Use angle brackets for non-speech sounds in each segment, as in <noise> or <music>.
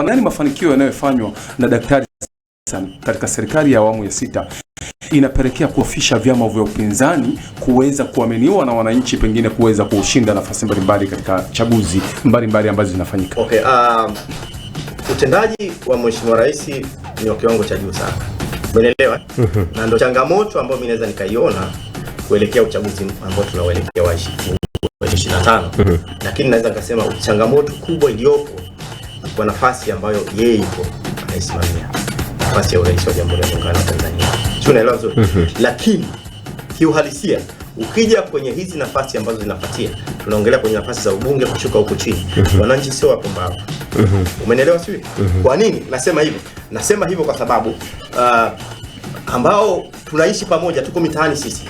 Angalia mafanikio yanayofanywa na Daktari katika serikali ya awamu ya sita inapelekea kuofisha vyama vya upinzani kuweza kuaminiwa na wananchi, pengine kuweza kushinda nafasi mbalimbali katika chaguzi mbalimbali ambazo zinafanyika. Okay, uh, utendaji wa Mheshimiwa Rais ni wa kiwango cha juu sana, umeelewa? Mhm. na ndio changamoto ambayo mimi naweza nikaiona kuelekea uchaguzi ambao tunaoelekea wa 2025 mhm. lakini naweza nikasema changamoto kubwa iliyopo kwa nafasi ambayo yeye yuko anaisimamia, nafasi ya urais wa Jamhuri ya Muungano wa Tanzania, si Unaelewa vizuri mm -hmm. Lakini kiuhalisia ukija kwenye hizi nafasi ambazo zinapatia, tunaongelea kwenye nafasi za ubunge kushuka huko chini mm -hmm. wananchi sio wapumbavu mm -hmm. Umenielewa sio? mm -hmm. Kwa nini nasema hivyo? Nasema hivyo kwa sababu uh, ambao tunaishi pamoja, tuko mitaani sisi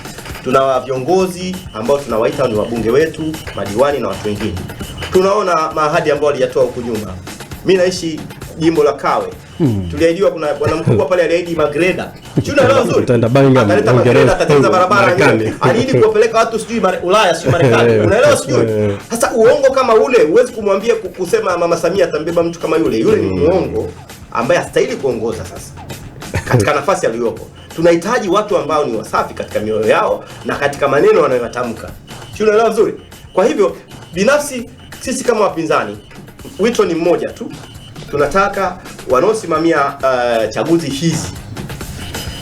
tuna viongozi ambao tunawaita ni wabunge wetu, madiwani na watu wengine. Tunaona maahadi ambao waliyatoa huku nyuma mimi naishi jimbo la Kawe. Hmm. Tuliahidiwa kuna bwana mkubwa pale aliahidi magreda. Chuna leo nzuri? Utaenda Birmingham, Uingereza, atatengeneza barabara nyingi. <laughs> Aliahidi kuwapeleka watu sijui Ulaya, sijui Marekani. Unaelewa sijui? Sasa uongo kama ule huwezi kumwambia kusema Mama Samia atambeba mtu kama yule. Yule ni muongo hmm. ambaye astahili kuongoza sasa. Katika nafasi aliyopo. Tunahitaji watu ambao ni wasafi katika mioyo yao na katika maneno wanayotamka. Chuna leo nzuri? Kwa hivyo binafsi sisi kama wapinzani wito ni mmoja tu, tunataka wanaosimamia uh, chaguzi hizi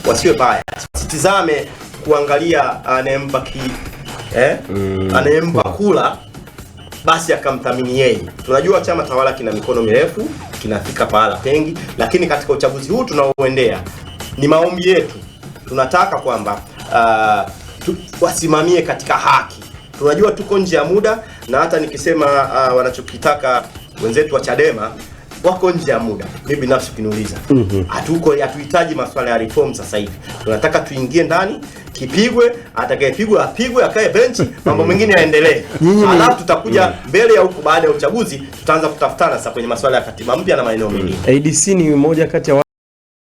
wasiwe baya, sitizame kuangalia anayempa ki eh, mm, anayempa kula basi akamthamini yeye. Tunajua chama tawala kina mikono mirefu, kinafika pahala pengi, lakini katika uchaguzi huu tunaoendea, ni maombi yetu, tunataka kwamba uh, tu, wasimamie katika haki. Tunajua tuko nje ya muda na hata nikisema uh, wanachokitaka wenzetu wa Chadema wako nje ya muda. Mimi binafsi ukiniuliza, mhm. hatuko hatuhitaji masuala ya reform sasa hivi, tunataka tuingie ndani, kipigwe, atakayepigwa apigwe, akae benchi, mambo mengine yaendelee, <laughs> alafu tutakuja mm. mbele ya huko, baada ya uchaguzi tutaanza kutafutana sasa kwenye masuala ya katiba mpya na maeneo mm. mengine. ADC ni moja kati ya